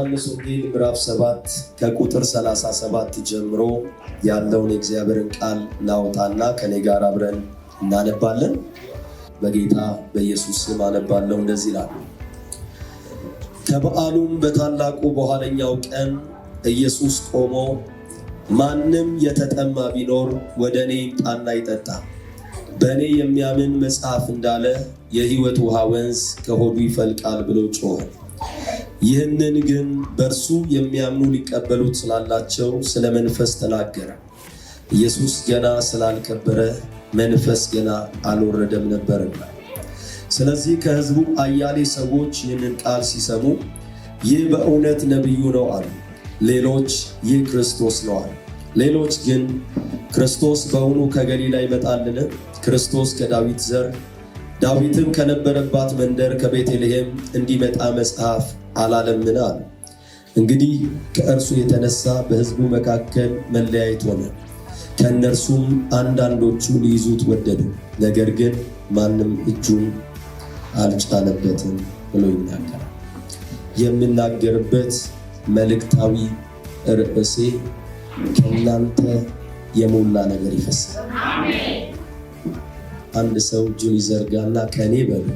ዮሐንስ ወንጌል ምዕራፍ 7 ከቁጥር 37 ጀምሮ ያለውን የእግዚአብሔርን ቃል ላውጣና ከኔ ጋር አብረን እናነባለን። በጌታ በኢየሱስ ስም አነባለሁ። እንደዚህ ይላል። ከበዓሉም በታላቁ በኋለኛው ቀን ኢየሱስ ቆሞ ማንም የተጠማ ቢኖር ወደ እኔ ይምጣና ይጠጣ። በእኔ የሚያምን መጽሐፍ እንዳለ የሕይወት ውሃ ወንዝ ከሆዱ ይፈልቃል ብሎ ጮኸ። ይህንን ግን በእርሱ የሚያምኑ ሊቀበሉት ስላላቸው ስለ መንፈስ ተናገረ። ኢየሱስ ገና ስላልከበረ መንፈስ ገና አልወረደም ነበርና። ስለዚህ ከሕዝቡ አያሌ ሰዎች ይህንን ቃል ሲሰሙ ይህ በእውነት ነቢዩ ነው አሉ። ሌሎች ይህ ክርስቶስ ነው አሉ። ሌሎች ግን ክርስቶስ በእውኑ ከገሊላ ይመጣልን? ክርስቶስ ከዳዊት ዘር ዳዊትም ከነበረባት መንደር ከቤተልሔም እንዲመጣ መጽሐፍ አላለምን አሉ። እንግዲህ ከእርሱ የተነሳ በሕዝቡ መካከል መለያየት ሆነ። ከእነርሱም አንዳንዶቹ ሊይዙት ወደዱ፣ ነገር ግን ማንም እጁን አልጫነበትም ብሎ ይናገራል። የምናገርበት መልእክታዊ ርዕሴ ከእናንተ የሞላ ነገር ይፈሳል። አንድ ሰው እጁን ይዘርጋና ከኔ በሉ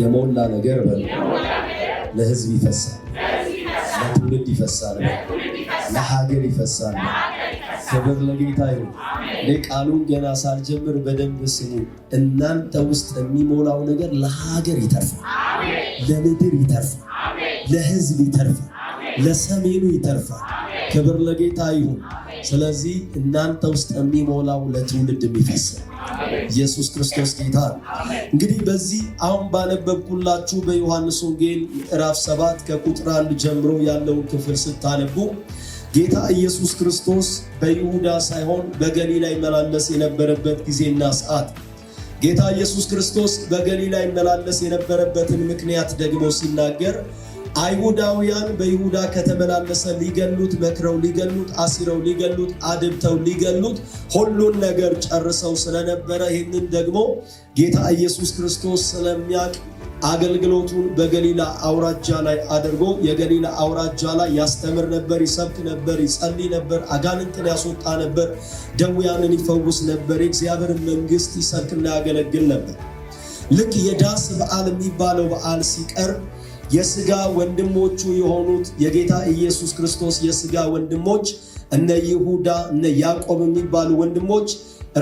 የሞላ ነገር በሉ ለህዝብ ይፈሳል፣ ለትውልድ ይፈሳል፣ ለሀገር ይፈሳል። ክብር ለጌታ ይሁን። እኔ ቃሉን ገና ሳልጀምር በደንብ ስሙ። እናንተ ውስጥ የሚሞላው ነገር ለሀገር ይተርፋል፣ ለምድር ይተርፋል፣ ለህዝብ ይተርፋል፣ ለሰሜኑ ይተርፋል። ክብር ለጌታ ይሁን። ስለዚህ እናንተ ውስጥ የሚሞላው ለትውልድ የሚፈስ ኢየሱስ ክርስቶስ ጌታ ነው። እንግዲህ በዚህ አሁን ባነበብኩላችሁ በዮሐንስ ወንጌል ምዕራፍ ሰባት ከቁጥር አንድ ጀምሮ ያለውን ክፍል ስታነቡ ጌታ ኢየሱስ ክርስቶስ በይሁዳ ሳይሆን በገሊላ ይመላለስ የነበረበት ጊዜና ሰዓት ጌታ ኢየሱስ ክርስቶስ በገሊላ ይመላለስ የነበረበትን ምክንያት ደግሞ ሲናገር አይሁዳውያን በይሁዳ ከተመላለሰ ሊገሉት መክረው ሊገሉት አሲረው ሊገሉት አድብተው ሊገሉት ሁሉን ነገር ጨርሰው ስለነበረ ይህንን ደግሞ ጌታ ኢየሱስ ክርስቶስ ስለሚያውቅ አገልግሎቱን በገሊላ አውራጃ ላይ አድርጎ የገሊላ አውራጃ ላይ ያስተምር ነበር፣ ይሰብክ ነበር፣ ይጸልይ ነበር፣ አጋንንትን ያስወጣ ነበር፣ ደውያንን ይፈውስ ነበር፣ የእግዚአብሔርን መንግስት ይሰብክና ያገለግል ነበር። ልክ የዳስ በዓል የሚባለው በዓል ሲቀርብ የስጋ ወንድሞቹ የሆኑት የጌታ ኢየሱስ ክርስቶስ የስጋ ወንድሞች እነ ይሁዳ እነ ያዕቆብ የሚባሉ ወንድሞች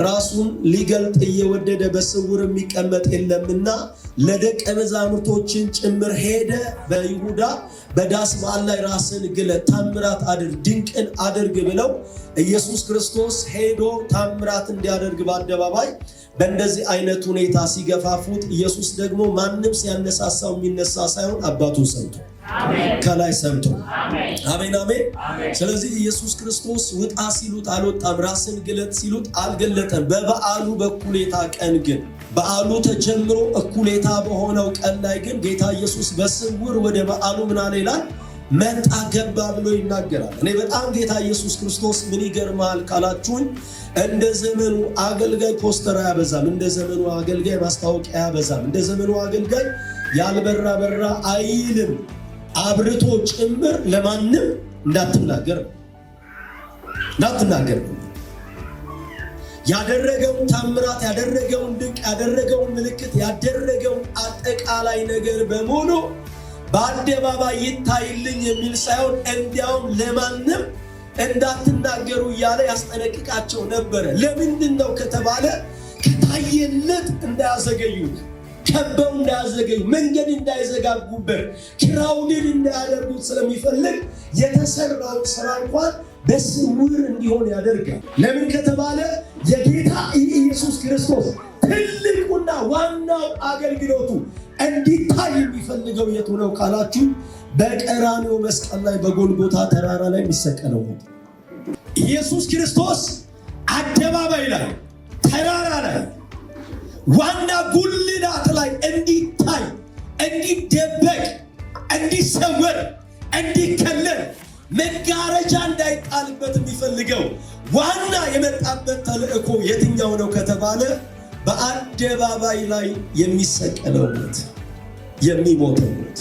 ራሱን ሊገልጥ እየወደደ በስውር የሚቀመጥ የለምና ለደቀ መዛሙርቶችን ጭምር ሄደ በይሁዳ በዳስ በዓል ላይ ራስን ግለጥ፣ ታምራት አድርግ፣ ድንቅን አድርግ ብለው ኢየሱስ ክርስቶስ ሄዶ ታምራት እንዲያደርግ በአደባባይ በእንደዚህ አይነት ሁኔታ ሲገፋፉት ኢየሱስ ደግሞ ማንም ሲያነሳሳው የሚነሳ ሳይሆን አባቱን ሰምቷል። ከላይ ሰምቶ አሜን አሜን። ስለዚህ ኢየሱስ ክርስቶስ ውጣ ሲሉት አልወጣም፣ ራስን ግለጥ ሲሉት አልገለጠም። በበዓሉ በኩሌታ ቀን ግን በዓሉ ተጀምሮ እኩሌታ በሆነው ቀን ላይ ግን ጌታ ኢየሱስ በስውር ወደ በዓሉ ምናሌ ላይ መጣ ገባ ብሎ ይናገራል። እኔ በጣም ጌታ ኢየሱስ ክርስቶስ ምን ይገርማል ካላችሁኝ፣ እንደ ዘመኑ አገልጋይ ፖስተር አያበዛም፣ እንደ ዘመኑ አገልጋይ ማስታወቂያ አያበዛም፣ እንደ ዘመኑ አገልጋይ ያልበራ በራ አይልም። አብርቶ ጭምር ለማንም እንዳትናገር እንዳትናገር ያደረገውን ታምራት ያደረገውን ድንቅ ያደረገውን ምልክት ያደረገውን አጠቃላይ ነገር በሙሉ በአደባባይ ይታይልኝ የሚል ሳይሆን እንዲያውም ለማንም እንዳትናገሩ እያለ ያስጠነቅቃቸው ነበረ። ለምንድን ነው ከተባለ ከታየለት እንዳያዘገዩት ከበው እንዳያዘገዩ መንገድ እንዳይዘጋጉበት ክራውድን እንዳያደርጉት ስለሚፈልግ የተሰራው ስራ እንኳን በስውር እንዲሆን ያደርጋል። ለምን ከተባለ የጌታ የኢየሱስ ክርስቶስ ትልቁና ዋናው አገልግሎቱ እንዲታይ የሚፈልገው የቱ ነው ካላችሁ፣ በቀራንዮ መስቀል ላይ በጎልጎታ ተራራ ላይ የሚሰቀለው ኢየሱስ ክርስቶስ አደባባይ ላይ ተራራ ላይ ዋና ጉልላት ላይ እንዲታይ፣ እንዲደበቅ፣ እንዲሰወር፣ እንዲከለል መጋረጃ እንዳይጣልበት የሚፈልገው ዋና የመጣበት ተልእኮ የትኛው ነው ከተባለ በአደባባይ ላይ የሚሰቀለው ሞት፣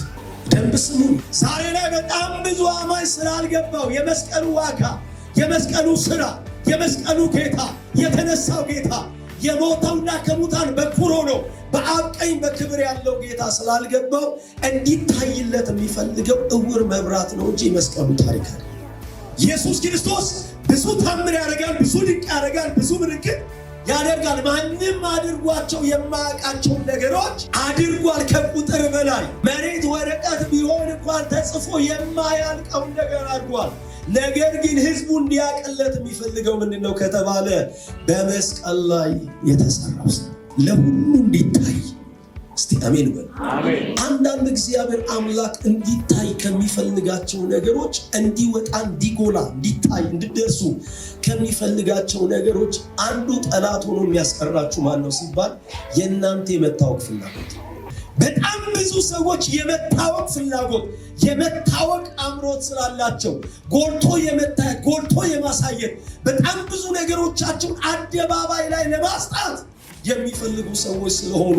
ደንብ ስሙ። ዛሬ ላይ በጣም ብዙ አማኝ ስላልገባው የመስቀሉ ዋጋ፣ የመስቀሉ ስራ፣ የመስቀሉ ጌታ፣ የተነሳው ጌታ የሞተውና ከሙታን በኩር ሆኖ በአብ ቀኝ በክብር ያለው ጌታ ስላልገባው እንዲታይለት የሚፈልገው እውር መብራት ነው እንጂ የመስቀሉ ታሪክ ኢየሱስ ክርስቶስ ብዙ ታምር ያደርጋል፣ ብዙ ድንቅ ያደርጋል፣ ብዙ ምልክት ያደርጋል። ማንም አድርጓቸው የማያውቃቸውን ነገሮች አድርጓል። ከቁጥር በላይ መሬት ወረቀት ቢሆን እንኳን ተጽፎ የማያልቀውን ነገር አድርጓል። ነገር ግን ህዝቡ እንዲያቅለት የሚፈልገው ምንድን ነው ከተባለ በመስቀል ላይ የተሰራው ለሁሉ እንዲታይ እስቲ አሜን በል። አንዳንድ እግዚአብሔር አምላክ እንዲታይ ከሚፈልጋቸው ነገሮች እንዲወጣ፣ እንዲጎላ፣ እንዲታይ፣ እንድደርሱ ከሚፈልጋቸው ነገሮች አንዱ ጠላት ሆኖ የሚያስቀራችሁ ማን ነው ሲባል የእናንተ የመታወቅ ፍላጎት። በጣም ብዙ ሰዎች የመታወቅ ፍላጎት የመታወቅ አምሮት ስላላቸው ጎልቶ የመታየት ጎልቶ የማሳየት በጣም ብዙ ነገሮቻቸውን አደባባይ ላይ ለማስጣት የሚፈልጉ ሰዎች ስለሆኑ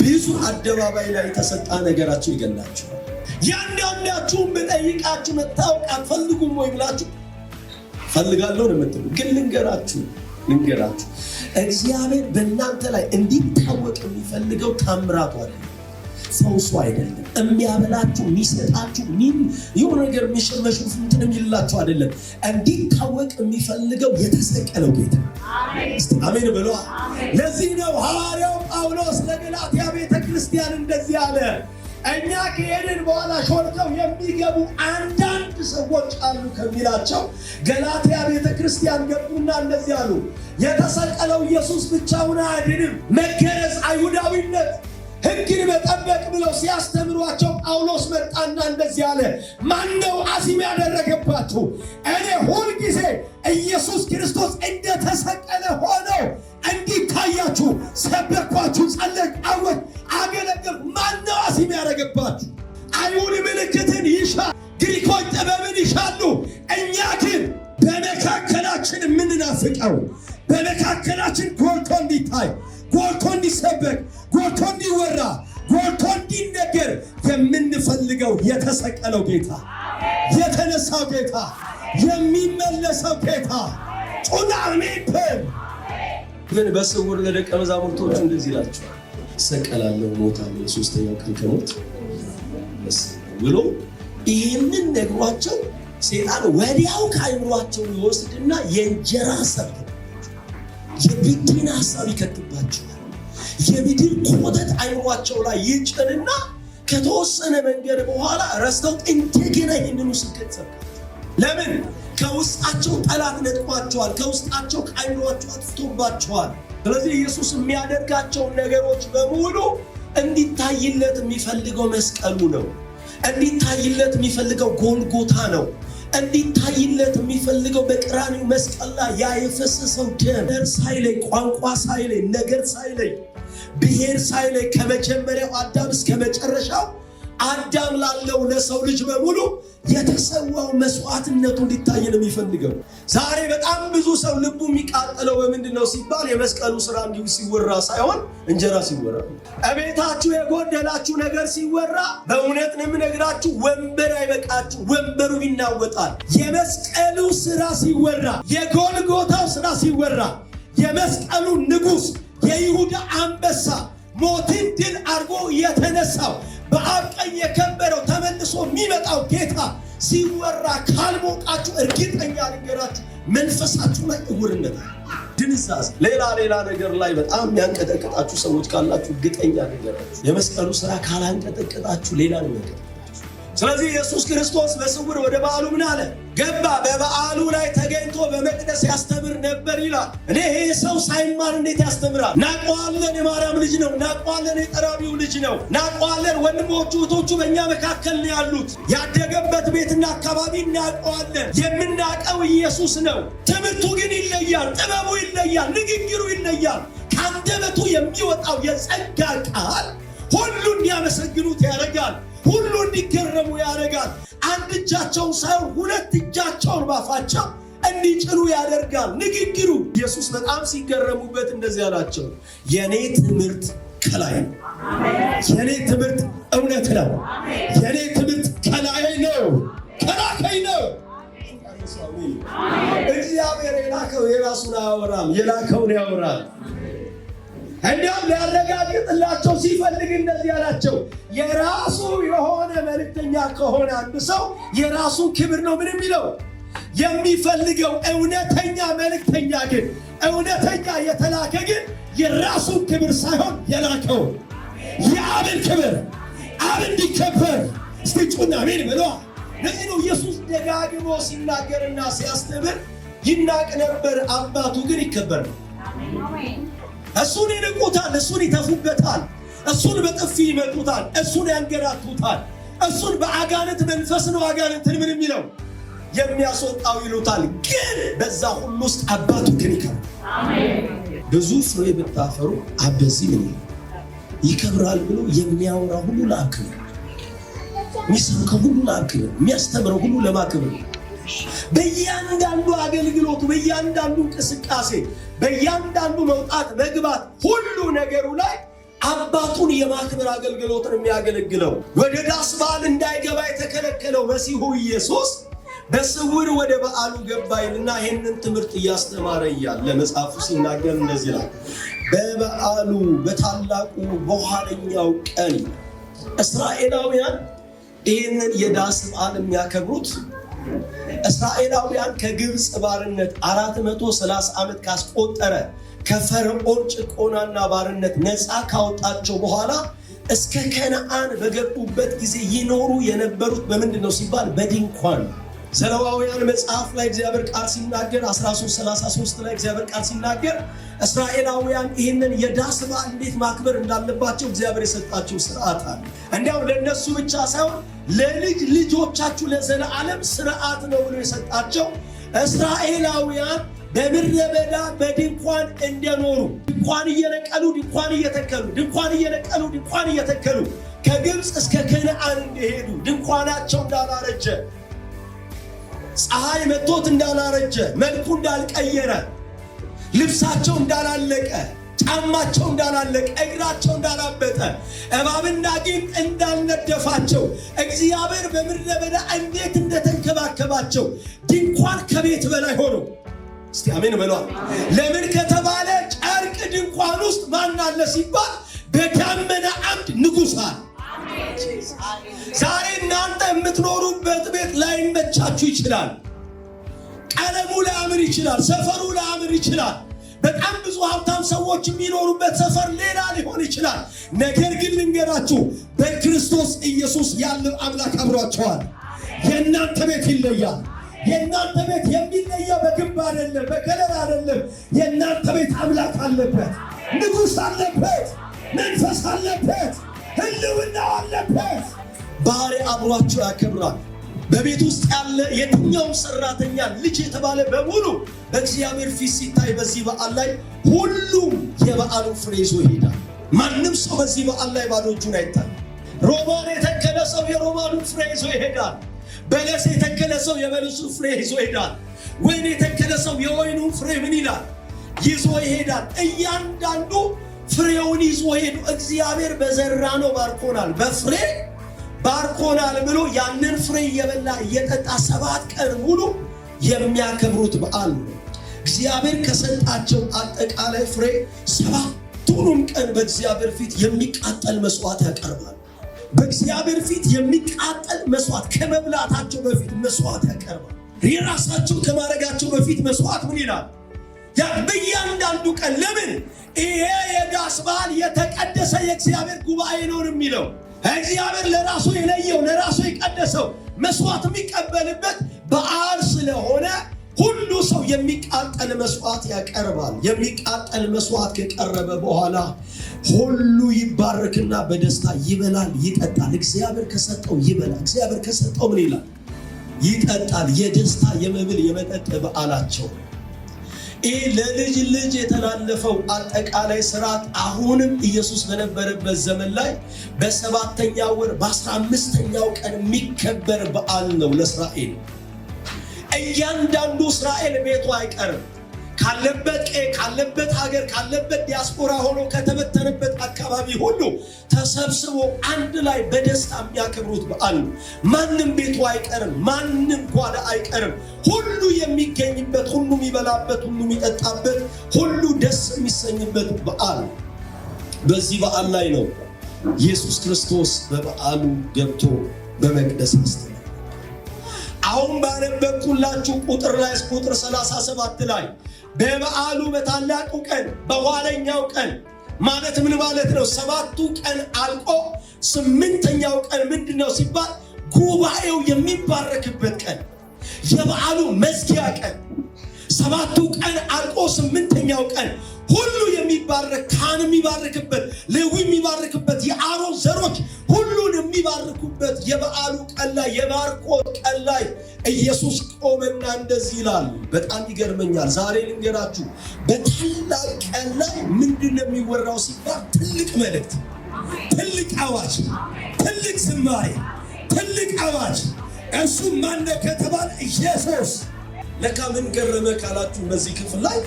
ብዙ አደባባይ ላይ ተሰጣ ነገራቸው ይገላቸዋል። ያንዳንዳችሁ የምጠይቃችሁ መታወቅ አትፈልጉም ወይ ብላችሁ ፈልጋለሁ ነው የምትሉ። ግን ልንገራችሁ ልንገራችሁ እግዚአብሔር በእናንተ ላይ እንዲታወቅ የሚፈልገው ታምራቷል ሰው አይደለም የሚያበላችሁ የሚሰጣችሁ ይሁን ነገር የሚሸመሽፍ እንትን የሚልላችሁ አይደለም። እንዲታወቅ የሚፈልገው የተሰቀለው ጌታ አሜን ብሎ ለዚህ ነው ሐዋርያው ጳውሎስ ለገላትያ ቤተ ክርስቲያን እንደዚህ አለ። እኛ ከሄድን በኋላ ሾልከው የሚገቡ አንዳንድ ሰዎች አሉ ከሚላቸው ገላትያ ቤተ ክርስቲያን ገቡና እንደዚህ አሉ። የተሰቀለው ኢየሱስ ብቻውን አያድንም። መገረዝ አይሁዳዊነት ሕግን መጠበቅ ብለው ሲያስተምሯቸው ጳውሎስ መጣና እንደዚህ አለ። ማነው አዚም ያደረገባችሁ? እኔ ሁልጊዜ ኢየሱስ ክርስቶስ እንደተሰቀለ ሆነው እንዲታያችሁ ሰበኳችሁ፣ ጸለቃወት አገለግል። ማነው አዚም ያደረገባችሁ? አይሁድ ምልክትን ይሻ፣ ግሪኮች ጥበብን ይሻሉ። እኛ ግን በመካከላችን የምንናፍቀው በመካከላችን ጎልቶ እንዲታይ ጎልቶ እንዲሰበክ፣ ጎልቶ እንዲወራ፣ ጎልቶ እንዲነገር የምንፈልገው የተሰቀለው ጌታ፣ የተነሳው ጌታ፣ የሚመለሰው ጌታ ጩና ሜፕል ግን በስውር ለደቀ መዛሙርቶቹ እንደዚህ ይላቸዋል፣ ሰቀላለሁ፣ ሞታለሁ፣ ሶስተኛው ቀን ከሞት ብሎ ይህንን ነግሯቸው ሴጣን ወዲያው ከአይምሯቸው ይወስድና የእንጀራ ሰብት የቢድን ሀሳብ ይከትባቸዋል። የብድር ኮተት አይምሯቸው ላይ ይጭንና ከተወሰነ መንገድ በኋላ ረስተው እንደገና ይህንኑ ስብከት ይሰብካል። ለምን? ከውስጣቸው ጠላት ነጥቋቸዋል። ከውስጣቸው ከአይምሯቸው አጥፍቶባቸዋል። ስለዚህ ኢየሱስ የሚያደርጋቸውን ነገሮች በሙሉ እንዲታይለት የሚፈልገው መስቀሉ ነው። እንዲታይለት የሚፈልገው ጎልጎታ ነው። እንዲታይለት የሚፈልገው በቀራንዮ መስቀል ላይ ያ የፈሰሰው ደም ዘር ሳይለይ፣ ቋንቋ ሳይለይ፣ ነገር ሳይለይ፣ ብሔር ሳይለይ ከመጀመሪያው አዳም እስከ መጨረሻው አዳም ላለው ለሰው ልጅ በሙሉ የተሰዋው መስዋዕትነቱ እንዲታይ ነው የሚፈልገው። ዛሬ በጣም ብዙ ሰው ልቡ የሚቃጠለው በምንድን ነው ሲባል የመስቀሉ ስራ እንዲሁ ሲወራ ሳይሆን እንጀራ ሲወራ፣ እቤታችሁ የጎደላችሁ ነገር ሲወራ፣ በእውነት ነው የምነግራችሁ ወንበር አይበቃችሁ፣ ወንበሩ ይናወጣል። የመስቀሉ ስራ ሲወራ፣ የጎልጎታው ስራ ሲወራ፣ የመስቀሉ ንጉሥ የይሁዳ አንበሳ ሞትን ድል አድርጎ የተነሳው በአብ ቀኝ የከበረው ተመልሶ የሚመጣው ጌታ ሲወራ ካልሞቃችሁ እርግጠኛ ልንገራችሁ መንፈሳችሁ ላይ እውርነት፣ ድንዛዝ፣ ሌላ ሌላ ነገር ላይ በጣም የሚያንቀጠቅጣችሁ ሰዎች ካላችሁ እርግጠኛ ልንገራችሁ የመስቀሉ ስራ ካላንቀጠቅጣችሁ ሌላ ነገር ስለዚህ ኢየሱስ ክርስቶስ በስውር ወደ በዓሉ ምን አለ ገባ። በበዓሉ ላይ ተገኝቶ በመቅደስ ያስተምር ነበር ይላል። እኔ ይሄ ሰው ሳይማር እንዴት ያስተምራል? እናውቀዋለን፣ የማርያም ልጅ ነው። እናውቀዋለን፣ የጠራቢው ልጅ ነው። እናውቀዋለን፣ ወንድሞቹ እህቶቹ በእኛ መካከል ነው ያሉት። ያደገበት ቤትና አካባቢ እናቀዋለን የምናቀው ኢየሱስ ነው። ትምህርቱ ግን ይለያል፣ ጥበቡ ይለያል፣ ንግግሩ ይለያል። ከአንደበቱ የሚወጣው የጸጋ ቃል ሁሉ እንዲያመሰግኑት ያደርጋል። ሁሉ እንዲገረሙ ያደርጋል። አንድ እጃቸውን ሳይሆን ሁለት እጃቸውን ባፋቸው እንዲጭኑ ያደርጋል። ንግግሩ ኢየሱስ በጣም ሲገረሙበት እንደዚህ አላቸው፣ የእኔ ትምህርት ከላይ ነው። የእኔ ትምህርት እውነት ነው። የእኔ ትምህርት ከላይ ነው፣ ከላከኝ ነው። እግዚአብሔር የላከው የራሱን አያወራም፣ የላከውን ያወራል። እንዲያውም ሊያረጋግጥላቸው ሲፈልግ እንደዚህ ያላቸው የራሱ የሆነ መልእክተኛ ከሆነ አንድ ሰው የራሱ ክብር ነው ምን የሚለው የሚፈልገው። እውነተኛ መልእክተኛ ግን እውነተኛ የተላከ ግን የራሱን ክብር ሳይሆን የላከው የአብን ክብር አብ እንዲከበር ስትጩና ምን ብለዋል። ለዚህ ነው ኢየሱስ ደጋግሞ ሲናገርና ሲያስተምር ይናቅ ነበር፣ አባቱ ግን ይከበር ነው። እሱን ይንቁታል፣ እሱን ይተፉበታል፣ እሱን በጥፊ ይመጡታል፣ እሱን ያንገላቱታል። እሱን በአጋንንት መንፈስ ነው አጋንንትን ምን የሚለው የሚያስወጣው ይሉታል። ግን በዛ ሁሉ ውስጥ አባቱ ግን ይከብራል። ብዙ ፍሬ ብታፈሩ አበዚህ ምን ይከብራል ብሎ የሚያወራ ሁሉ ለአብ የሚሰብከው ሁሉ ለአብ የሚያስተምረው ሁሉ ለማክብር በእያንዳንዱ አገልግሎቱ፣ በእያንዳንዱ እንቅስቃሴ፣ በእያንዳንዱ መውጣት መግባት፣ ሁሉ ነገሩ ላይ አባቱን የማክበር አገልግሎትን የሚያገለግለው ወደ ዳስ በዓል እንዳይገባ የተከለከለው መሲሁ ኢየሱስ በስውር ወደ በዓሉ ገባይልና ይህንን ትምህርት እያስተማረ እያለ ለመጽሐፉ ሲናገር እንደዚህ ላይ በበዓሉ በታላቁ በኋለኛው ቀን እስራኤላውያን ይህንን የዳስ በዓል የሚያከብሩት እስራኤላውያን ከግብፅ ባርነት 430 ዓመት ካስቆጠረ ከፈርዖን ጭቆናና ባርነት ነፃ ካወጣቸው በኋላ እስከ ከነአን በገቡበት ጊዜ ይኖሩ የነበሩት በምንድን ነው ሲባል በድንኳን ዘለዋውያን መጽሐፍ ላይ እግዚአብሔር ቃል ሲናገር 1333 ላይ እግዚአብሔር ቃል ሲናገር እስራኤላውያን ይህንን የዳስ በዓል እንዴት ማክበር እንዳለባቸው እግዚአብሔር የሰጣቸው ስርዓት አለ። እንዲያው ለእነሱ ብቻ ሳይሆን ለልጅ ልጆቻችሁ ለዘለዓለም ስርዓት ነው ብሎ የሰጣቸው እስራኤላውያን በምድረ በዳ በድንኳን እንደኖሩ ድንኳን እየነቀሉ ድንኳን እየተከሉ ድንኳን እየነቀሉ ድንኳን እየተከሉ ከግብፅ እስከ ከነአን እንደሄዱ ድንኳናቸው እንዳላረጀ ፀሐይ መጥቶት እንዳላረጀ መልኩ እንዳልቀየረ ልብሳቸው እንዳላለቀ ጫማቸው እንዳላለቀ፣ እግራቸው እንዳላበጠ፣ እባብና ጊንጥ እንዳልነደፋቸው፣ እግዚአብሔር በምድረ በዳ እንዴት እንደተንከባከባቸው ድንኳን ከቤት በላይ ሆኖ እስቲ አሜን በሏል። ለምን ከተባለ ጨርቅ ድንኳን ውስጥ ማን አለ ሲባል በዳመና አምድ ንጉሥ አለ። ዛሬ እናንተ የምትኖሩበት ቤት ላይመቻችሁ ይችላል። ቀለሙ ላያምር ይችላል። ሰፈሩ ላያምር ይችላል። በጣም ብዙ ሀብታም ሰዎች የሚኖሩበት ሰፈር ሌላ ሊሆን ይችላል። ነገር ግን ልንገራችሁ በክርስቶስ ኢየሱስ ያለው አምላክ አብሯቸዋል። የእናንተ ቤት ይለያል። የእናንተ ቤት የሚለያ በግንብ አይደለም፣ በገለር አይደለም። የእናንተ ቤት አምላክ አለበት፣ ንጉሥ አለበት፣ መንፈስ አለበት፣ ህልውና አለበት። ባህሪ አብሯቸው ያከብራል። በቤት ውስጥ ያለ የትኛውም ሰራተኛ ልጅ የተባለ በሙሉ በእግዚአብሔር ፊት ሲታይ በዚህ በዓል ላይ ሁሉም የበዓሉ ፍሬ ይዞ ይሄዳል። ማንም ሰው በዚህ በዓል ላይ ባዶ እጁን አይታል። ሮማን የተከለ ሰው የሮማኑን ፍሬ ይዞ ይሄዳል። በለስ የተከለ ሰው የበለሱን ፍሬ ይዞ ይሄዳል። ወይን የተከለ ሰው የወይኑን ፍሬ ምን ይላል? ይዞ ይሄዳል። እያንዳንዱ ፍሬውን ይዞ ሄዱ። እግዚአብሔር በዘራ ነው ባርኮናል በፍሬ ባርኮናል ብሎ ያንን ፍሬ እየበላ እየጠጣ ሰባት ቀን ሙሉ የሚያከብሩት በዓል ነው። እግዚአብሔር ከሰጣቸው አጠቃላይ ፍሬ ሰባቱንም ቀን በእግዚአብሔር ፊት የሚቃጠል መስዋዕት ያቀርባል። በእግዚአብሔር ፊት የሚቃጠል መስዋዕት ከመብላታቸው በፊት መስዋዕት ያቀርባል። የራሳቸው ከማድረጋቸው በፊት መስዋዕት ምን ይላል? በእያንዳንዱ ቀን ለምን ይሄ የዳስ በዓል የተቀደሰ የእግዚአብሔር ጉባኤ ነውን የሚለው እግዚአብሔር ለራሱ የለየው ለራሱ የቀደሰው መስዋዕት የሚቀበልበት በዓል ስለሆነ ሁሉ ሰው የሚቃጠል መስዋዕት ያቀርባል። የሚቃጠል መስዋዕት ከቀረበ በኋላ ሁሉ ይባረክና በደስታ ይበላል፣ ይጠጣል። እግዚአብሔር ከሰጠው ይበላል። እግዚአብሔር ከሰጠው ምን ይላል? ይጠጣል። የደስታ የመብል የመጠጥ በዓላቸው ይህ ለልጅ ልጅ የተላለፈው አጠቃላይ ስርዓት አሁንም ኢየሱስ በነበረበት ዘመን ላይ በሰባተኛ ወር በአስራ አምስተኛው ቀን የሚከበር በዓል ነው ለእስራኤል። እያንዳንዱ እስራኤል ቤቱ አይቀርም ካለበት ቄ ካለበት ሀገር ካለበት ዲያስፖራ ሆኖ ከተበተነበት አካባቢ ሁሉ ተሰብስቦ አንድ ላይ በደስታ የሚያከብሩት በዓል ነው። ማንም ቤቱ አይቀርም፣ ማንም ጓዳ አይቀርም። ሁሉ የሚገኝበት፣ ሁሉ የሚበላበት፣ ሁሉ የሚጠጣበት፣ ሁሉ ደስ የሚሰኝበት በዓል በዚህ በዓል ላይ ነው ኢየሱስ ክርስቶስ በበዓሉ ገብቶ በመቅደስ አስተምሯል። አሁን ባነበብኩላችሁ ቁጥር ላይ ቁጥር 37 ላይ በበዓሉ በታላቁ ቀን በኋለኛው ቀን ማለት ምን ማለት ነው? ሰባቱ ቀን አልቆ ስምንተኛው ቀን ምንድን ነው ሲባል ጉባኤው የሚባረክበት ቀን፣ የበዓሉ መዝጊያ ቀን። ሰባቱ ቀን አልቆ ስምንተኛው ቀን ሁሉ የሚባረክ ካህን የሚባርክበት ሌዊ የሚባርክበት የአሮን ዘሮች ሁሉን የሚባርኩበት የበዓሉ ቀን ላይ የማርቆስ ቀን ላይ ኢየሱስ ቆመና እንደዚህ ይላል። በጣም ይገርመኛል። ዛሬ ልንገራችሁ፣ በታላቅ ቀን ላይ ምንድን የሚወራው ሲባል ትልቅ መልእክት፣ ትልቅ አዋጅ፣ ትልቅ ዝማሬ፣ ትልቅ አዋጅ እርሱ ማነው ከተባለ ኢየሱስ ለካ ምን ገረመ ካላችሁ በዚህ ክፍል ላይ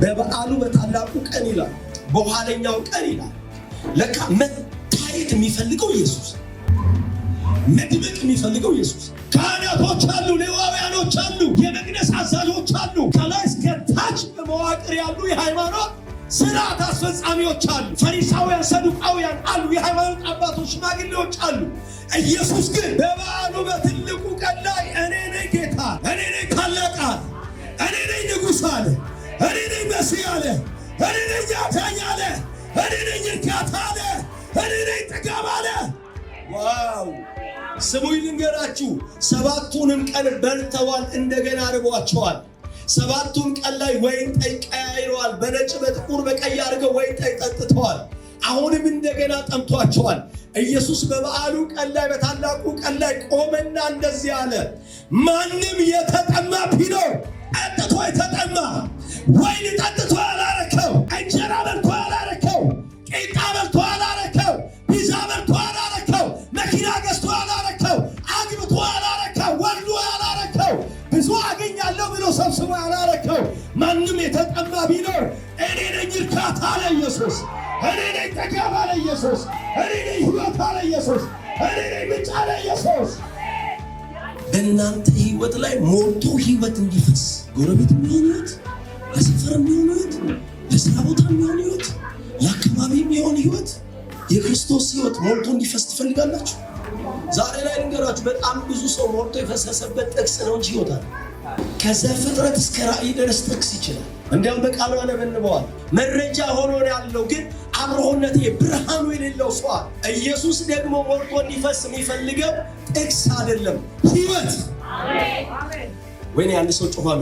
በበዓሉ በታላቁ ቀን ይላል፣ በኋለኛው ቀን ይላል። ለካ መታየት የሚፈልገው ኢየሱስ፣ መድመቅ የሚፈልገው ኢየሱስ። ካህናቶች አሉ፣ ሌዋውያኖች አሉ፣ የመቅደስ አዛዦች አሉ፣ ከላይ እስከ ታች በመዋቅር ያሉ የሃይማኖት ስርዓት አስፈጻሚዎች አሉ፣ ፈሪሳውያን፣ ሰዱቃውያን አሉ፣ የሃይማኖት አባቶች፣ ሽማግሌዎች አሉ። ኢየሱስ ግን በበዓሉ በትልቁ ቀን ላይ እኔ ነኝ እኔ ነኝ ታላቅ አለ። እኔ ነኝ ንጉሥ አለ። እኔ ነኝ መሲህ አለ። እኔ ነኝ አዳኝ አለ። እኔ ነኝ እርካታ አለ። እኔ ነኝ ጥጋብ አለ። ዋው ስሙ ልንገራችሁ፣ ሰባቱንም ቀን በልተዋል፣ እንደገና አርቧቸዋል። ሰባቱን ቀን ላይ ወይን ጠይ ቀያይረዋል። በነጭ በጥቁር በቀይ አድርገው ወይን ጠይ ጠጥተዋል። አሁንም እንደገና ጠምቷቸዋል። ኢየሱስ በበዓሉ ቀን ላይ በታላቁ ቀን ላይ ቆመና እንደዚህ አለ፣ ማንም የተጠማ ቢኖር ጠጥቶ የተጠማ ወይን ጠጥቶ ያላረከው፣ እንጀራ በልቶ ያላረከው፣ ቂጣ በልቶ ያላረከው፣ ፒዛ በልቶ ያላረከው፣ መኪና ገዝቶ ያላረከው፣ አግብቶ ያላረከው፣ ወልዶ ያላረከው፣ ብዙ አገኛለሁ ብሎ ሰብስቦ ያላረከው፣ ማንም የተጠማ ቢኖር እኔ ነኝ እርካታ አለ ኢየሱስ። እኔ ነኝ ጥጋብ አለ ኢየሱስ። እኔ ነኝ ሕይወት አለ ኢየሱስ። እኔ ነኝ ምንጭ አለ ኢየሱስ። በእናንተ ላይ ሞልቶ ህይወት እንዲፈስ ጎረቤት የሚሆን ሕይወት፣ ለሰፈር የሚሆን ቦታ የሚሆን ሕይወት፣ ለአካባቢ የሚሆን ሕይወት፣ የክርስቶስ ህይወት ሞልቶ እንዲፈስ ትፈልጋላችሁ? ዛሬ ላይ ልንገራችሁ፣ በጣም ብዙ ሰው ሞልቶ የፈሰሰበት ጥቅስ ነው እንጂ ሕይወት ከዘፍጥረት እስከ ራእይ ድረስ ጥቅስ ይችላል። እንዲያውም በቃሉ አነበንበዋል። መረጃ ሆኖ ያለው ግን አብሮነቴ ብርሃኑ የሌለው ሰዋ ኢየሱስ ደግሞ ወርዶ እንዲፈስ የሚፈልገው ጥቅስ አይደለም፣ ህይወት። ወይ አንድ ሰው ጮኋሚ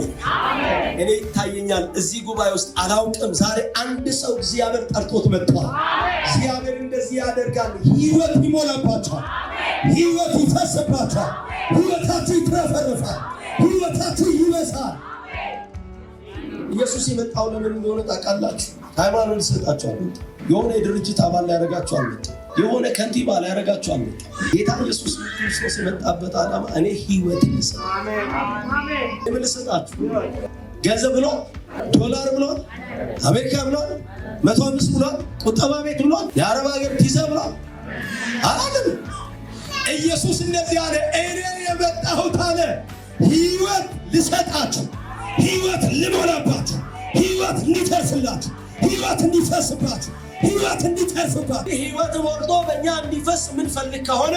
እኔ ይታየኛል። እዚህ ጉባኤ ውስጥ አላውቅም፣ ዛሬ አንድ ሰው እግዚአብሔር ጠርቶት መጥቷል። እግዚአብሔር እንደዚህ ያደርጋል። ህይወት ይሞላባቸዋል፣ ህይወት ይፈስባቸዋል፣ ህይወታቸው ይትረፈረፋል፣ ህይወታቸው ይበሳል። ኢየሱስ የመጣው ለምን እንደሆነ ታውቃላችሁ? ሃይማኖት ይሰጣቸዋል። የሆነ የድርጅት አባል ሊያደርጋችሁ አልመጣም። የሆነ ከንቲባ ሊያደርጋችሁ አልመጣም። ጌታ ኢየሱስ ክርስቶስ የመጣበት ዓላማ እኔ ህይወት ልሰጥ የምልሰጣችሁ ገንዘብ ብሎ ዶላር ብሏል፣ አሜሪካ ብሏል፣ መቶ አምስት ብሏል፣ ቁጠባ ቤት ብሏል፣ የአረብ ሀገር ቲዘ ብሏል አላለም። ኢየሱስ እንደዚህ አለ፣ እኔ የመጣሁት አለ ህይወት ልሰጣችሁ፣ ህይወት ልሞላባችሁ፣ ህይወት እንዲፈስላችሁ፣ ህይወት እንዲፈስባችሁ ህይወት እንዲተርፍባት ህይወት ወርዶ በእኛ እንዲፈስ የምንፈልግ ከሆነ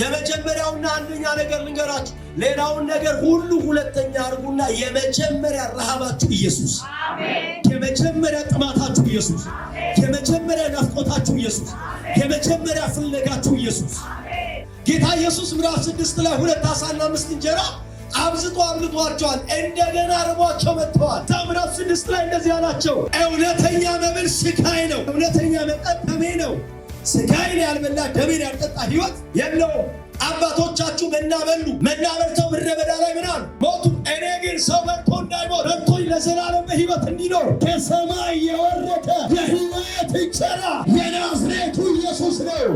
የመጀመሪያውና አንደኛ ነገር ልንገራችሁ፣ ሌላውን ነገር ሁሉ ሁለተኛ አድርጉና የመጀመሪያ ረሃባችሁ ኢየሱስ፣ የመጀመሪያ ጥማታችሁ ኢየሱስ፣ የመጀመሪያ ናፍቆታችሁ ኢየሱስ፣ የመጀመሪያ ፍለጋችሁ ኢየሱስ። ጌታ ኢየሱስ ምዕራፍ ስድስት ላይ ሁለት አሳና አምስት እንጀራ አብዝቶ አምልቷቸዋል። እንደገና ርቧቸው መጥተዋል። ምዕራፍ ስድስት ላይ እንደዚህ አላቸው፣ እውነተኛ መብል ስካይ ነው፣ እውነተኛ መጠጥ ደሜ ነው። ስካይ ነው ያልበላ ደሜን ያልጠጣ ህይወት የለውም። አባቶቻችሁ መና በሉ። መና በልተው ምድረ በዳ ላይ ምን አሉ? ሞቱ። እኔ ግን ሰው በልቶ እንዳይሞት ረድቶኝ ለዘላለም በህይወት እንዲኖር ከሰማይ የወረደ የህይወት እንጀራ የናዝሬቱ ኢየሱስ ነው።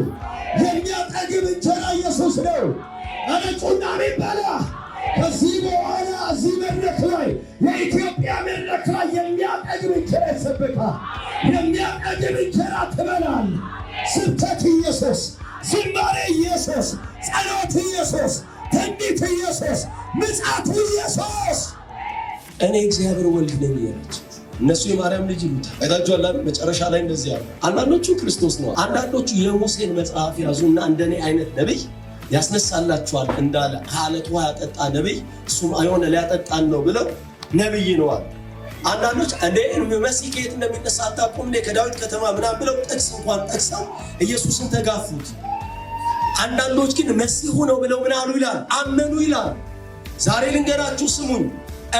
የሚያጠግብ እንጀራ ኢየሱስ ነው። አረጩና ሚበላ ከዚህ በኋላ እዚህ መድረክ ላይ የኢትዮጵያ መድረክ ላይ የሚያጠግብ እንጀራ ይሰበካል። የሚያጠግብ እንጀራ ትበላል። ስብከት ኢየሱስ፣ ዝማሬ ኢየሱስ፣ ጸሎት ኢየሱስ፣ ትንቢት ኢየሱስ፣ ምጽአት ኢየሱስ። እኔ እግዚአብሔር ወልድ ነኝ እያለች እነሱ የማርያም ልጅ ይሉታል። አይታችኋል። መጨረሻ ላይ እንደዚህ ያሉ አንዳንዶቹ ክርስቶስ ነው፣ አንዳንዶቹ የሙሴን መጽሐፍ ያዙና እንደኔ አይነት ነቢይ ያስነሳላችኋል እንዳለ ከአለት ውሃ ያጠጣ ነቢይ እሱም አይሆነ ሊያጠጣን ነው ብለው ነቢይ ነዋል። አንዳንዶች እንደ መሲህ ከየት እንደሚነሳ አታውቁም ከዳዊት ከተማ ምናምን ብለው ጥቅስ እንኳን ጠቅሰው ኢየሱስን ተጋፉት። አንዳንዶች ግን መሲሁ ነው ብለው ምን አሉ ይላል፣ አመኑ ይላል። ዛሬ ልንገራችሁ ስሙኝ።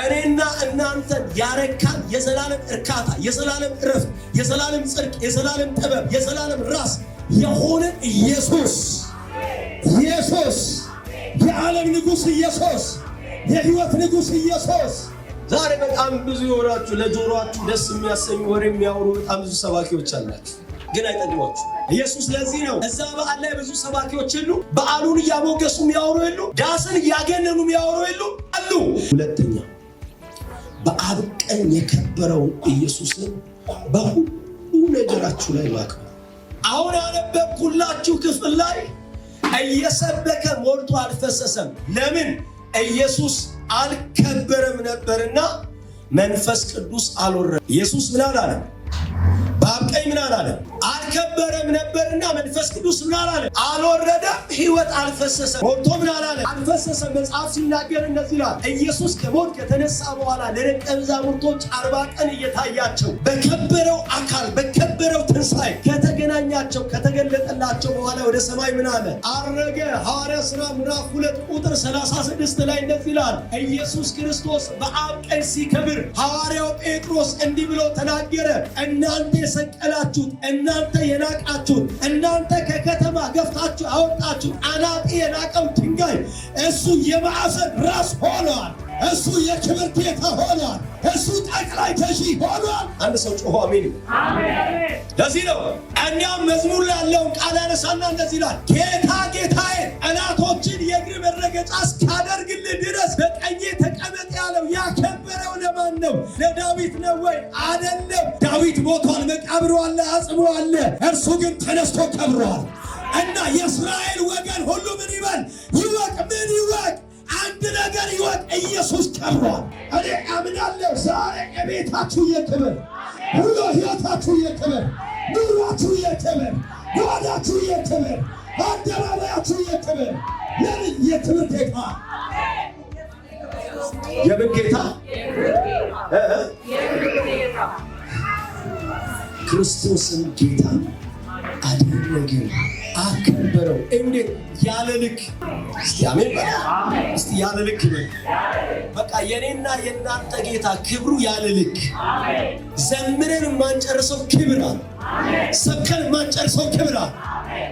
እኔና እናንተን ያረካል የዘላለም እርካታ፣ የዘላለም እረፍት፣ የዘላለም ጽድቅ፣ የዘላለም ጥበብ፣ የዘላለም ራስ የሆነ ኢየሱስ ኢየሱስ የዓለም ንጉሥ ኢየሱስ የሕይወት ንጉሥ ኢየሱስ። ዛሬ በጣም ብዙ የሆናችሁ ለጆሮችሁ ደስ የሚያሰኙ ወሬ የሚያወሩ በጣም ብዙ ሰባኪዎች አላችሁ፣ ግን አይጠቅሟችሁ። ኢየሱስ ለዚህ ነው እዛ በዓል ላይ ብዙ ሰባኪዎች የሉ፣ በዓሉን እያሞገሱ የሚያወሩ የሉ፣ ዳስን እያገነኑ የሚያወሩ የሉ አሉ። ሁለተኛ በአብ ቀን የከበረውን ኢየሱስን በሁሉ ነገራችሁ ላይ ማክበር። አሁን ያነበብኩላችሁ ክፍል ላይ እየሰበከ ሞልቶ አልፈሰሰም። ለምን? ኢየሱስ አልከበረም ነበርና መንፈስ ቅዱስ አልወረደም። ኢየሱስ ምን አላለም? በአብ ቀኝ ምን አላለም? አልከበረም ነበርና መንፈስ ቅዱስ ምን አላለ? አልወረደም። ህይወት አልፈሰሰም። ሞቶ ምን አላለ? አልፈሰሰም። መጽሐፍ ሲናገር እንደዚህ ይላል፣ ኢየሱስ ከሞት ከተነሳ በኋላ ለደቀ መዛሙርቶች አርባ ቀን እየታያቸው በከበረው አካል በከበረው ትንሣኤ ከተገናኛቸው ከተገለጠላቸው በኋላ ወደ ሰማይ ምን አለ? አረገ። ሐዋርያ ሥራ ምዕራፍ ሁለት ቁጥር 36 ላይ እንደዚህ ይላል፣ ኢየሱስ ክርስቶስ በአብ ቀኝ ሲከብር ሐዋርያው ጴጥሮስ እንዲህ ብሎ ተናገረ፣ እናንተ የሰቀላችሁት እናንተ እናንተ የናቃችሁት እናንተ ከከተማ ገፍታችሁ አወጣችሁ አናጢ የናቀው ድንጋይ እሱ የማዕዘን ራስ ሆኗል። እሱ የክብር ጌታ ሆኗል። እሱ ጠቅላይ ገዢ ሆኗል። አንድ ሰው ጮሆ አሜን። ለዚህ ነው እኛም መዝሙር ላለውን ቃል ያነሳና እንደዚህ ይላል ጌታ ጌታዬ እናቶችን የእግር መረገጫ እስካደርግልህ ድረስ በቀኜ ነው? ለዳዊት ነው ወይ? አይደለም። ዳዊት ሞቷል፣ መቃብሩ አለ፣ አጽሙ አለ። እርሱ ግን ተነስቶ ከብሯል። እና የእስራኤል ወገን ሁሉ ምን ይበል? ይወቅ፣ ምን ይወቅ? አንድ ነገር ይወቅ፣ ኢየሱስ ከብሯል። እኔ አምናለሁ። ዛሬ የቤታችሁ የክብር ሁሉ ሕይወታችሁ የክብር ኑሯችሁ የክብር ጓዳችሁ የክብር አደባባያችሁ የክብር ለምን የክብር ጌታ የምን ጌታ ክርስቶስን ጌታ አደረገው፣ አከበረው። እንዴት ያለ ልክ አሜን። እስቲ ያለ ልክ በቃ የኔና የእናንተ ጌታ ክብሩ ያለ ልክ፣ ዘምረን የማንጨርሰው ክብራል፣ ሰብከን የማንጨርሰው ክብራል፣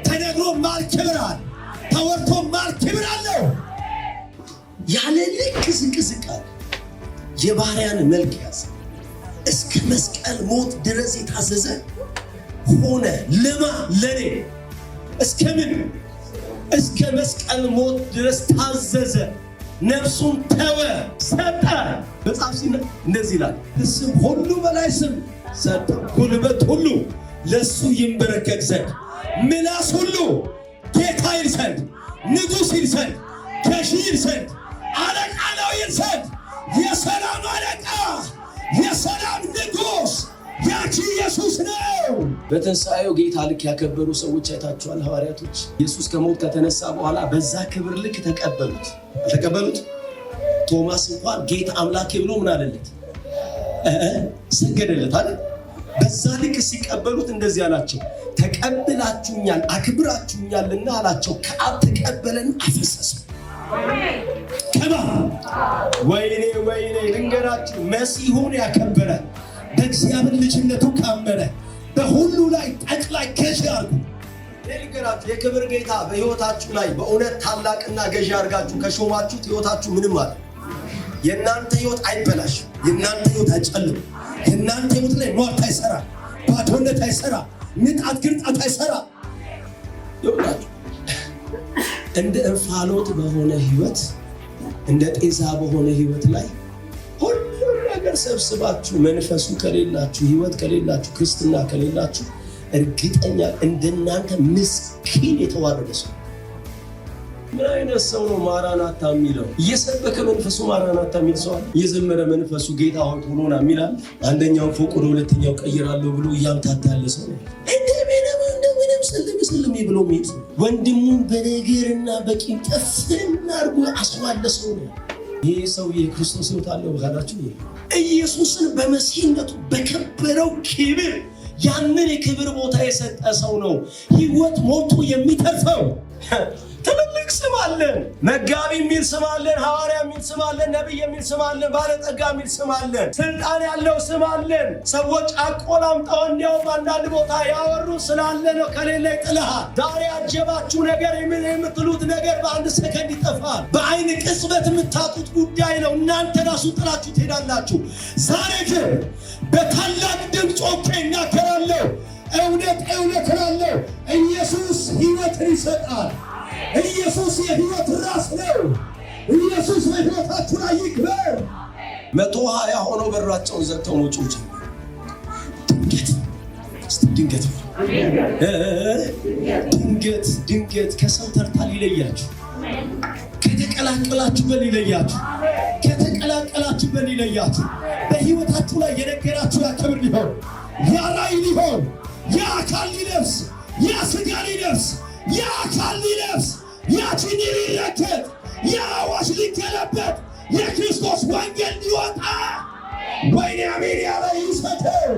ተነግሮ ማል ክብራል፣ ተወርቶ ማል ክብራለሁ ያለ ልክ ዝንቅዝቃል የባህርያን መልክ ያዘ። እስከ መስቀል ሞት ድረስ የታዘዘ ሆነ። ለማ ለኔ እስከ ምን እስከ መስቀል ሞት ድረስ ታዘዘ። ነፍሱን ተወ ሰጠ። መጽሐፍ ሲ እንደዚህ ይላል፣ ስም ሁሉ በላይ ስም ሰጠ። ጉልበት ሁሉ ለእሱ ይንበረከክ ዘንድ ምላስ ሁሉ ጌታ ይል ዘንድ ንጉሥ ይል ዘንድ ገዢ ይል ዘንድ አለቃ ነው ይልሰድ የሰላም አለቃ የሰላም ያቺ ኢየሱስ ነው። በትንሣኤው ጌታ ልክ ያከበሩ ሰዎች አይታችኋል። ሐዋርያቶች ኢየሱስ ከሞት ከተነሳ በኋላ በዛ ክብር ልክ ተቀበሉት። አልተቀበሉት ቶማስ እንኳን ጌታ አምላኬ ብሎ ምን አለለት? ሰገደለት አለ። በዛ ልክ ሲቀበሉት እንደዚህ አላቸው፣ ተቀብላችሁኛል፣ አክብራችሁኛልና አላቸው። ከአብ ተቀበለን አፈሰሰው ተማር። ወይኔ ወይኔ ልንገራችሁ፣ መሲሁን ያከበረ በእግዚአብሔር ልጅነቱ ካመነ በሁሉ ላይ ጠቅላይ ገዢ አርጉ። ልንገራችሁ፣ የክብር ጌታ በሕይወታችሁ ላይ በእውነት ታላቅና ገዢ አርጋችሁ ከሾማችሁት ህይወታችሁ ምንም አለ የእናንተ ሕይወት አይበላሽ፣ የእናንተ ሕይወት አይጨልም፣ የእናንተ ሕይወት ላይ ሟርት አይሰራ፣ ባዶነት አይሰራ፣ ንጣት ግርጣት አይሰራ ይሆናችሁ እንደ እንፋሎት በሆነ ህይወት እንደ ጤዛ በሆነ ህይወት ላይ ሁሉም ነገር ሰብስባችሁ መንፈሱ ከሌላችሁ፣ ህይወት ከሌላችሁ፣ ክርስትና ከሌላችሁ እርግጠኛ እንደናንተ ምስኪን የተዋረደ ሰው ምን አይነት ሰው ነው ማራናታ የሚለው? እየሰበከ መንፈሱ ማራናታ የሚል ሰው አለ። እየዘመረ መንፈሱ ጌታ ሆይ ቶሎና የሚላል አንደኛውን ፎቅ ወደ ሁለተኛው ቀይራለሁ ብሎ እያምታታ ያለ ሰው ነው። ወንድሜ ብሎ ሚሄድ ወንድሙን በነገርና በቂም ጥፍና አርጎ አስዋለ ሰው ነው። ይህ ሰው የክርስቶስ ህይወት አለው ካላችሁ ኢየሱስን በመሲህነቱ በከበረው ክብር ያንን የክብር ቦታ የሰጠ ሰው ነው። ህይወት ሞቶ የሚተርፈው ትልልቅ ስም አለን። መጋቢ የሚል ስም አለን። ሐዋርያ የሚል ስም አለን። ነቢይ የሚል ስም አለን። ባለጠጋ የሚል ስም አለን። ስልጣን ያለው ስም አለን። ሰዎች አቆላምጠው እንዲያውም አንዳንድ ቦታ ያወሩ ስላለ ነው ከሌላ ይጥልሃል። ዛሬ ያጀባችሁ ነገር የምትሉት ነገር በአንድ ሰከንድ ይጠፋል። በአይን ቅጽበት የምታጡት ጉዳይ ነው። እናንተ ራሱ ጥላችሁ ትሄዳላችሁ። ዛሬ ግን በታላቅ ድምፅ ጮኬ እናገራለሁ። እውነት እውነት እላለሁ ኢየሱስ ሕይወትን ይሰጣል። ኢየሱስ የህይወት ራስ ነው። ኢየሱስ በህይወታችሁ ላይ ይግበር። መቶ ሀያ ሆነው በራቸውን ዘግተው መጮ ድንገት ድንገት ድንገት ድንገት ከሰው ተርታ ሊለያችሁ ከተቀላቀላችሁበት ከተቀላቀላችሁ ከተቀላቀላችሁበት ሊለያችሁ በህይወታችሁ ላይ የነገራችሁ ያ ክብር ሊሆን ያ ራእይ ሊሆን ያ አካል ሊለብስ ያ ስጋ ሊለብስ ያ አካል ሊለብስ፣ ያ ችኒ ሊረከት፣ ያ አዋሽ ሊገለበት፣ የክርስቶስ ወንጌል ሊወጣ ወይኔ አሜን ያለ ይሰተው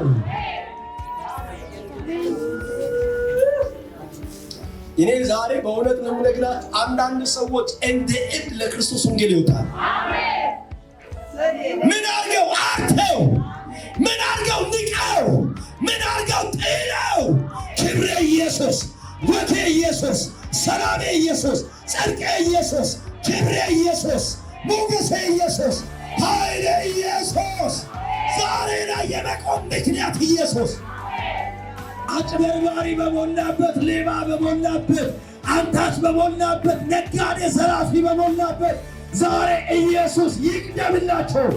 እኔ ዛሬ በእውነት ነው የምነግራችሁ፣ አንዳንድ ሰዎች እንደ እብድ ለክርስቶስ ወንጌል ይወጣል። ምን አድርገው አርተው፣ ምን አድርገው ንቀው፣ ምን አድርገው ጥለው ክብረ ኢየሱስ ሕይወቴ ኢየሱስ፣ ሰላሜ ኢየሱስ፣ ጸድቄ ኢየሱስ፣ ክብሬ ኢየሱስ፣ ሞገሴ ኢየሱስ፣ ኃይሌ ኢየሱስ፣ ዛሬ ላይ የመቆም ምክንያት ኢየሱስ። አጭበርባሪ በሞላበት፣ ሌባ በሞላበት፣ አንታች በሞላበት፣ ነጋዴ ዘራፊ በሞላበት ዛሬ ኢየሱስ ይቅደምላቸው።